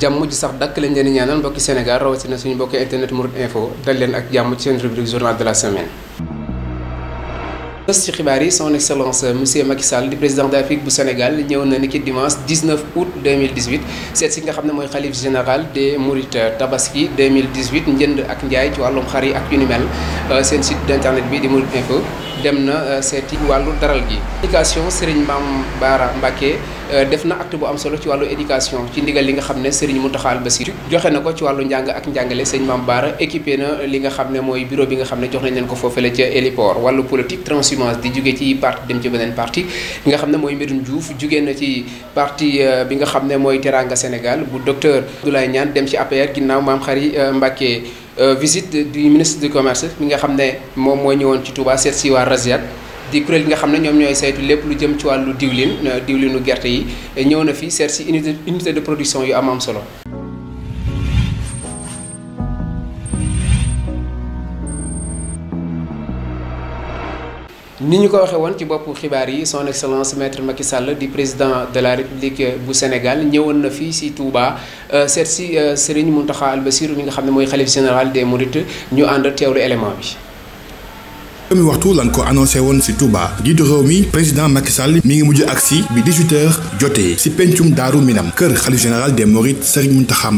jàmm ci sax dak leen leen ñaanal mbokk Sénégal rawatina suñu mbokk internet mourid info dal leen ak jàmm ci seen rubrique journal de la semaine. ci xibaar yi son excellence monsieur Macky Sall di président d'Afrique bu Sénégal ñëw na ni ki dimanche 19 août 2018 seet si nga xam moy mooy général de Mourides Tabaski 2018 njënd ak njaay ci walum xari ak yu ni mel euh, sen site d'internet bi di mourid info. dem na euh, seeti wàllu daral gi. éducation Serigne Mame Bara Mbacké euh, def na acte bu am solo ci wàllu éducation ci ndigal li nga xam ne Serigne ba si joxe na ko ci wàllu njàng ak njàngale sëñ Mame Bara équipé na li nga xam ne mooy bureau bi nga xam ne jox nañ leen ko foofale ca héliport wàllu politique transhumance di jóge ci parti dem ci beneen parti nga xam ne mooy Medoune Diouf jóge na ci parti euh, bi nga xam ne mooy Teranga Sénégal bu docteur Abdoulaye Niane dem ci APR ginnaaw Mame Khary Mbacké Euh, visite du ministre du commerce mi nga xamné mom mo ñëwon ci Touba seet si waa di kurel nga xamné ñom ñoy ñooy saytu lépp lu jëm ci walu diwlin euh, diwlinu gerté yi ñëw na fi seet si unité unité de production yu am am solo. ni ñu ko waxee woon ci son excellence maître Macky Sall du président de la république du euh, Sénégal ñëwoon na fii si Touba euh, seet si euh, Serigne Mountakha Al Bassir mi nga xam général des Mourides ñu ànd teewlu élément bi. ëmi waxtu lan ko annoncé woon ci Touba njiitu réew mi président Macky Sall mi ngi mujj agsi bi 18 jotee ci pencum Daaru Minam kër xalif général des Mourides Serigne Mountakha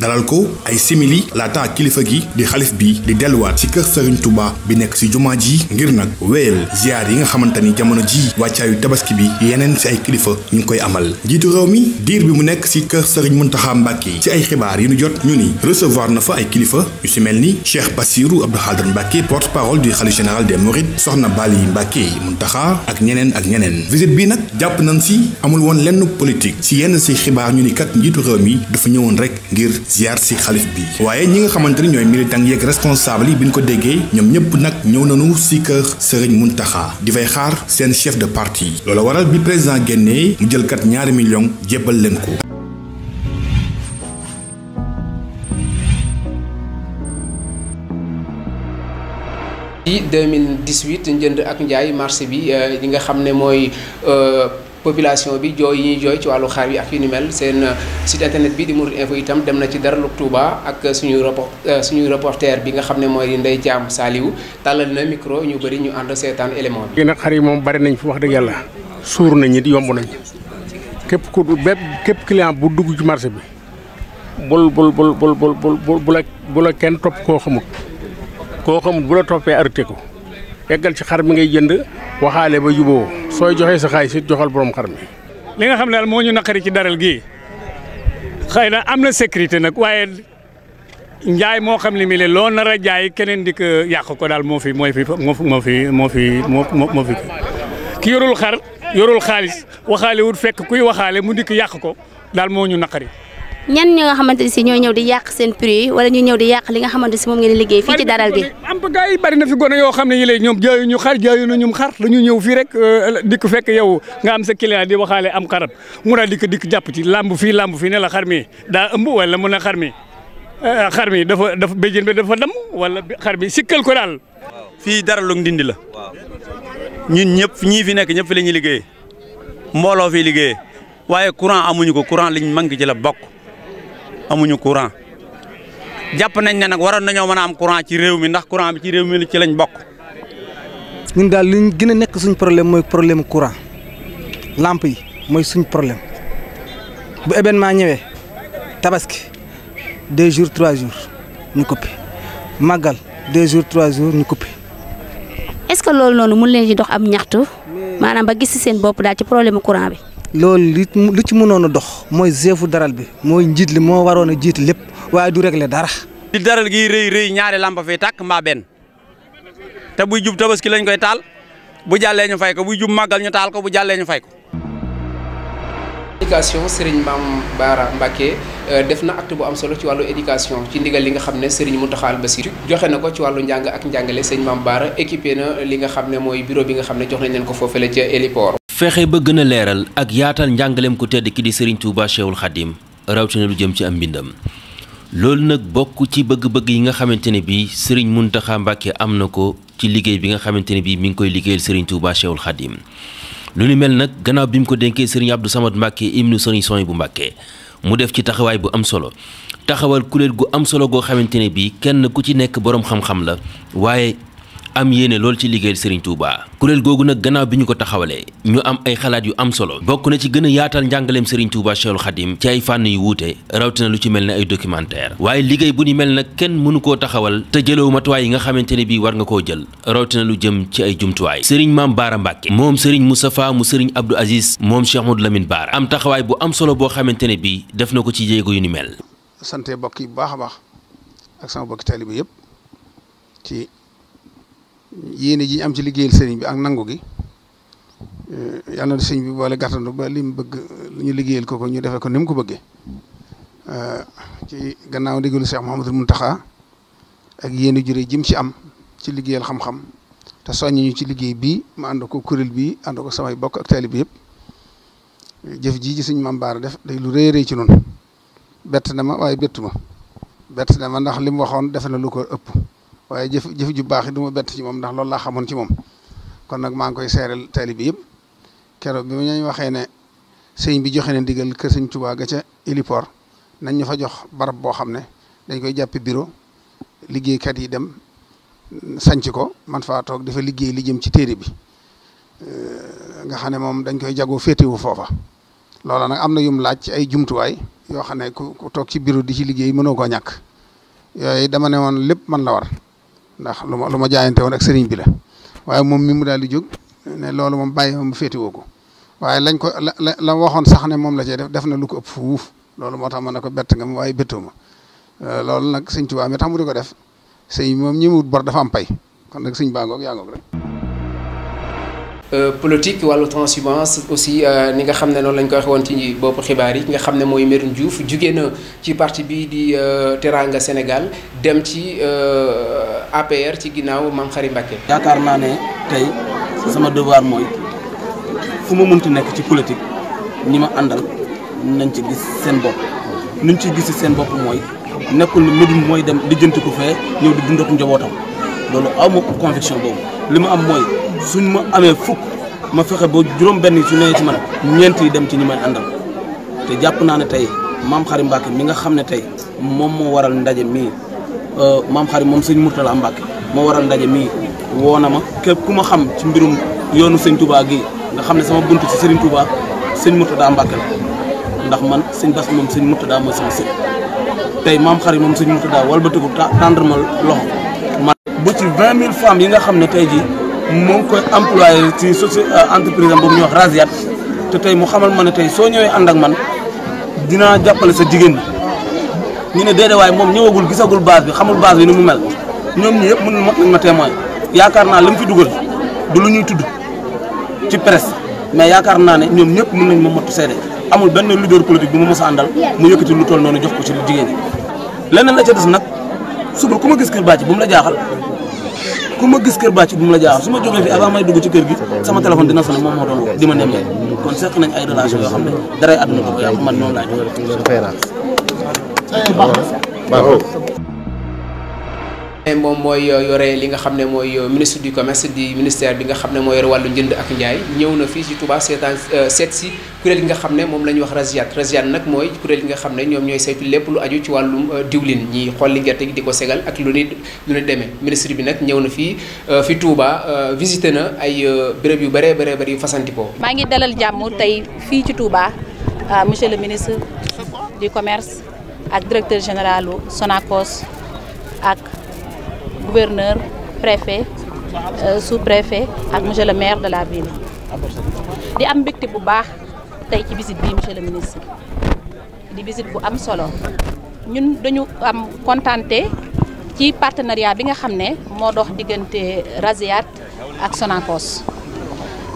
dalal ko ay simili laata kilifa gi di xalif bi di delluwaat ci kër Serigne Touba bi nekk ci jumaa ji ngir nag wéyal ziar yi nga xamante ni jamono ji wàccaayu tabaski bi yeneen ci ay kilifa ñu ngi koy amal jiitu réew mi diir bi mu nekk ci kër Serigne Mountakha Mbacké ci ay xibaar yi nu jot ñu ni recevoir na fa ay kilifa yu si mel ni Cheikh Bassirou Abdou Khadre Mbacké porte-parole du xalif général des des Mourides soxna Bali Mbacke Muntaxa ak ñeneen ak ñeneen visite bi nag jàpp nañ si amul woon lenn politique si yenn si xibaar ñu ni kat njiitu réew mi dafa ñëwoon rek ngir ziar si xalif bi waaye ñi nga xamante ni ñooy militant yeeg responsable yi bi ñu ko déggee ñoom ñëpp nag ñëw nañu si kër Serigne Muntaxa di fay xaar seen chef de parti loola waral bi président génnee mu jël kat ñaari million jébbal leen ko. Di 2018 njënd ak njaay marché bi yi nga xamné moy population bi joy yi joy ci walu xaar yi ak yu ni mel seen site internet bi di Mouride Info itam dem na ci dar lu Touba ak suñu rapport suñu reporter bi nga xam moy Ndey Ndeye Saliw talal na micro ñu bari ñu and seetaan élément bi. nak xar yi moom bari nañ fu wax deug yalla sour nañ it yomb nañ képp ku bépp kep client bu dugg ci marché bi bol bol bol bol kenn xamut. koo xam bu la toppee arrêté ko eggal ci xar mi ngay jënd waxaale ba juboo sooy joxee sa xaalis it joxal borom xar mi. li nga xam daal moo ñu naqari ci daral gii xëy na am na sécurité nag waaye njaay moo xam ne mi loo nar a keneen di yàq ko daal moo fi moo fi moo fi moo fi moo fi ki yorul xar yorul xaalis waxaale fekk kuy waxaale mu dikk yàq ko daal moo ñu naqari. ñan ñi nga xamanteni ci ñoo ñew di yàq seen prix wala ñu ñew di yàq li nga xamanteni ci mom ngeen liggéey fi ci daral gi am ba gaay bari na fi gone yo xam yele ñom lay ñu xar jaayu ñu ñum xar dañu ñew fi rek dik fekk yow nga am sa client di waxale am xarab mu na dik dik japp ci lamb fi lamb fi ne la xar mi ëmb wala mu na xar mi xar eh, mi dafa dafa bejeen be dafa dam wala xar mi sikkal ko daal fii daralu ndindi la ñun ñëpp ñi fi nek ñëpp fi liggéey fi liggéey waye courant amuñu ko courant liñ mangi ci la bokk amuñu courant jàpp nañ ne nag waroon nañoo mën a am courant ci réew mi ndax courant bi ci réew mi ci lañ bokk. ñun daal li ñu a nekk suñ problème mooy problème courant lamp yi mooy suñ problème bu événement ñëwee tabaski deux jours trois jours ñu coupé màggal deux jours trois jours ñu coupé. est-ce que loolu noonu mën leen ci dox am ñaxtu maanaam ba gis seen bopp daal ci problème courant bi. loolu li li ci mënoon a dox mooy zeefu daral bi mooy njiit li moo waroon a jiit lépp waaye du régler dara. li daral gi rëy rëy ñaari lampa fi tàkk mbaa benn te buy jub tabaski lañ koy taal bu jàllee ñu fay ko buy jub màggal ñu taal ko bu jàllee ñu fay ko. éducation Serigne Mame Bara Mbacké euh, def na acte bu am solo ci wàllu éducation ci ndigal li nga xam ne Serigne Mountakha Bassirou joxe na ko ci wàllu njàng ak njàngale Serigne Mame Bara équipé na li nga xam ne mooy bureau bi nga xam ne jox nañ leen ko foofale ca héliport fexe ba gën leeral ak yaatal njàngaleem ko tedd ki di Serigne Touba Cheikhul Khadim rawatina lu jëm ci am mbindam loolu nag bokk ci bëgg-bëgg yi nga xamante ne bii mun Mountakha Mbacké am na ko ci liggéey bi nga xamante ne bii mi ngi koy liggéeyal Serigne Touba Cheikhul Khadim lu ni mel nag gannaaw bi mu ko dénkee Serigne Abdou Samad Mbacké ibnu Serigne Souhaïbou Mbacké mu def ci taxawaay bu am solo taxawal kuréel gu am solo goo xamante ne bii kenn ku ci nekk boroom xam la am yéene lool ci liggéeyal Serigne Touba kuréel googu nag gannaaw bi ñu ko taxawalee ñu am ay xalaat yu am solo bokk na ci gën a yaatal njàngaleem Serigne Touba Cheikhul Khadim ci ay fànn yu wuute rawatina lu ci mel ne ay documentaire waaye liggéey bu ni mel na kenn mënu koo taxawal te jëloo matuwaay yi nga xamante ne bii war nga koo jël rawatina lu jëm ci ay jumtuwaay Serigne Maam Baara Mbàkke moom Serigne Moustapha mu Serigne Abdou Aziz moom Cheikh Modou Lamine Baara am taxawaay bu am solo boo xamante ne bii def na ko ci jéego yu ni mel. sante bokk yi bu baax a baax ak sama yëpp yéene ji ñu am ci liggéeyal sëriñ bi ak nangu gi eh, yàlla na sëriñ bi boole gàttandu ba li mu bëgg li ñu liggéeyal ko ko ñu defee ko ni mu ko bëggee eh, ci gannaaw ndigalu Cheikh Mouhamadul taxa ak yéene jure jëm ci am ci liggéeyal xam-xam te soññ ñu ci liggéey bii ma ànd ko kuréel bii ànd ko samay bokk ak taalib yëpp jëf jii ci suñ maam Baara def day lu rëy rëy ci noonu bett na ma waaye bettu ma bett na ma ndax li mu waxoon defe na lu ko ëpp. waaye jëf jëf ju baax yi du ma bett ci moom ndax loolu laa xamoon ci moom kon nag maa ngi koy seeral bi yëpp keroog bi ma ñu waxee ne sëñ bi joxe na ndigal kër sëñ tubaaga ga ca héliport nañ ñu fa jox barab boo xam ne dañ koy jàppe bureau liggéeykat yi dem sanc ko man faa toog dafa liggéey li jëm ci téere bi nga xam ne moom dañ koy jagoo féetewu foofa loola nag am na yum laaj ci ay jumtuwaay yoo xam ne ku toog ci bureau di ci liggéey mënoo koo ñàkk yooyu dama ne lépp man la war ndax lu ma lu ma jaayante woon rek sëriñ bi la waaye moom mi mu daal di jóg ne loolu moom bàyyi mu féetiwoo ko waaye lañ ko la la waxoon sax ne moom la cee def def na lu ko ëpp fuuf loolu moo tax ma ne ko bett nga ma waaye bettoo euh, loolu nag sëñ Tuubaa mi tax mu di ko def sëñ moom ñi mu wut bor dafa am pay kon nag sëñ baa ngoog yaa ngoog rek Euh, politique wàllu transhumance aussi euh, ni nga xam ne noonu lañ ko waxee woon ci bopp xibaar yi nga xam ne mooy Meroune Diouf jugee na ci parti bi di euh, Teranga Sénégal dem ci APR ci ginnaaw Mame Khary Mbacké. yaakaar naa ne tey sama devoir mooy fu ma mënti nekk ci politique ñi ma àndal nañ ci gis seen bopp nuñ ci gis seen bopp mooy nekkul ne Medoune mooy dem lijjanti ko fee ñëw di dund njabootam. lolu amu ma conviction bobu li ame am moy suñu ma amé fuk ma fexé bo juroom benn ci neñ ci man ñent yi dem ci ñu may andal te japp na na tay mam xari Mbacke mi nga xamné tay mom mo waral ndaje euh mam xari mom señ murtala mo waral ndaje mi wonama kep ma kuma xam ci mbirum yoonu señ Touba gi nga xamné sama buntu ci señ Touba señ murtala Mbacke ndax man señ Bass mom señ murtala mo sama sëñ tay mam xari mom señ murtala ba loxo ba ci vingt mille femmes yi nga xam ne tey jii moo ko koy employé ci soci euh, entreprise am boobu ñuy wax Rasiat te tey mu xamal ma ne tey soo ñëwee ànd ak man dinaa jàppale sa jigéen ñi. ñu ne déedéet waaye moom ñëwagul gisagul base bi xamul base bi ni mu mel ñoom ñi yëpp mën mot nañ ma témoin yaakaar naa li mu fi dugal du lu ñuy tudd ci presse mais yaakaar naa ne ñoom ñëpp mën nañ ma mottu seede amul benn leader politique bu ma mës a àndal mu yëkkati lu toll noonu jox ko ci jigéen ñi leneen la ca nag suba ku ma gis kër bàcc mu la jaaxal ku ma gis kër bàcc bu mu la jaaxal su ma jógee fi avant may dugg ci kër gi sama téléphone dina sonné moom moo doon woo di ma nemmee kon seq nañ ay relation yoo xam ne daray àdduna ko ko yàlla man noonu laa jox. moom mooy euh, yore li nga xam ne mooy euh, ministre du commerce di ministère bi nga xam ne mooy yore wàllu njënd ak njaay ñëw na fii ci Touba seetaan euh, seet si kuréel gi nga xam ne moom la ñuy wax Rasiat Rasiat nag mooy kuréel gi nga xam ne ñoom ñooy saytu lépp lu aju ci wàllum diwlin ñi xolli gerte gi di ko segal ak lu ni lu demee ministre bi nag ñëw na fii fi Touba visité na ay béréb yu bëree bëree bëri yu fasantikoo. maa ngi dalal jàmm tey fii ci Touba monsieur le ministre du commerce ak directeur général Sonacos gouverneur préfet euh, sous-préfet et monsieur le maire de la ville di am a bu baax tey ci visite bii monsieur le ministre di visite bu am solo ñun dañu am kontante ci partenariat bi nga xam ne moo dox diggante Rasiaat ak Sonacos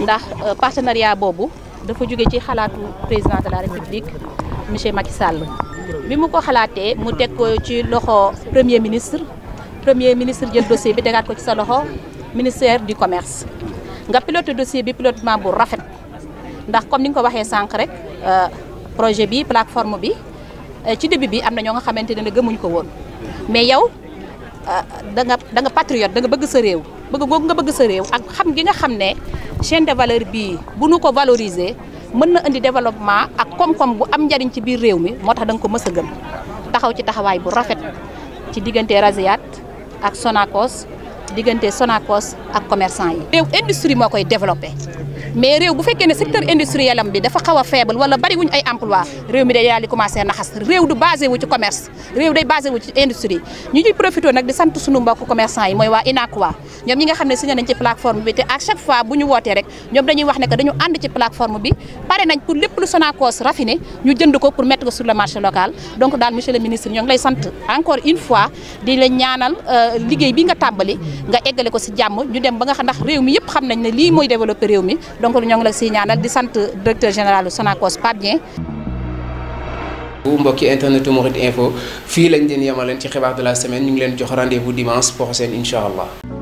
euh, partenariat boobu dafa jóge ci xalaatu président de la république monsieur Macky Sall bi mu ko xalaatee mu ko ci premier ministre premier ministre jël dossier bi tegaat ko ci sa loxo ministère du commerce nga pilote dossier bi pilotement bu rafet ndax comme ni nga ko waxee sànq rek euh, projet bi plateforme bi euh, ci début bi amna ño nga xamante ne gëmuñ ko won mais yow euh, da nga da nga patriote da nga bëgg sa réew bëgg gog nga bëgg sa réew ak xam gi nga xamné chaîne de valeur bi bu nu ko valoriser mën na indi développement ak kom kom bu am njariñ ci biir réew mi motax da nga ko mës a gëm taxaw ci taxaway bu rafet ci diggante Rasiaat ak Sonacos diggante Sonacos ak commerçant yi. réew industrie moo koy développé. mais réew bu fekkee ne secteur industriel am bi dafa xawa faible wala bari wuñ ay emploi réew mi day yali commencer commencé naxas réew du basé wu ci commerce réew day basé wu ci industrie ñu ciy profiter nak di sante sunu mbokk commerçant yi moy wa inaqua ñom ñi nga xam ne signé nañ ci plateforme bi té à chaque fois bu ñu woté rek ñom dañuy wax ne dañu and ci plateforme bi paré nañ pour lepp lu Sonacos raffiné ñu jënd ko pour mettre sur le marché local donc dal monsieur le ministre ñong lay sante encore une fois di la ñaanal euh, liggéey bi nga tàmbali nga égalé ko ci jamm ñu dem ba nga xam ndax réew mi yépp xam nañ ne lii mooy développer réew mi donc ñoo ngi la siy ñaanal di sant directeur général Sonacos Pape Dieng bu mbokki internetu Mourides info fii lañ leen yemaleen ci xibaar de la semaine ñu ngi leen jox rendez-vous dimanche prochain incha allah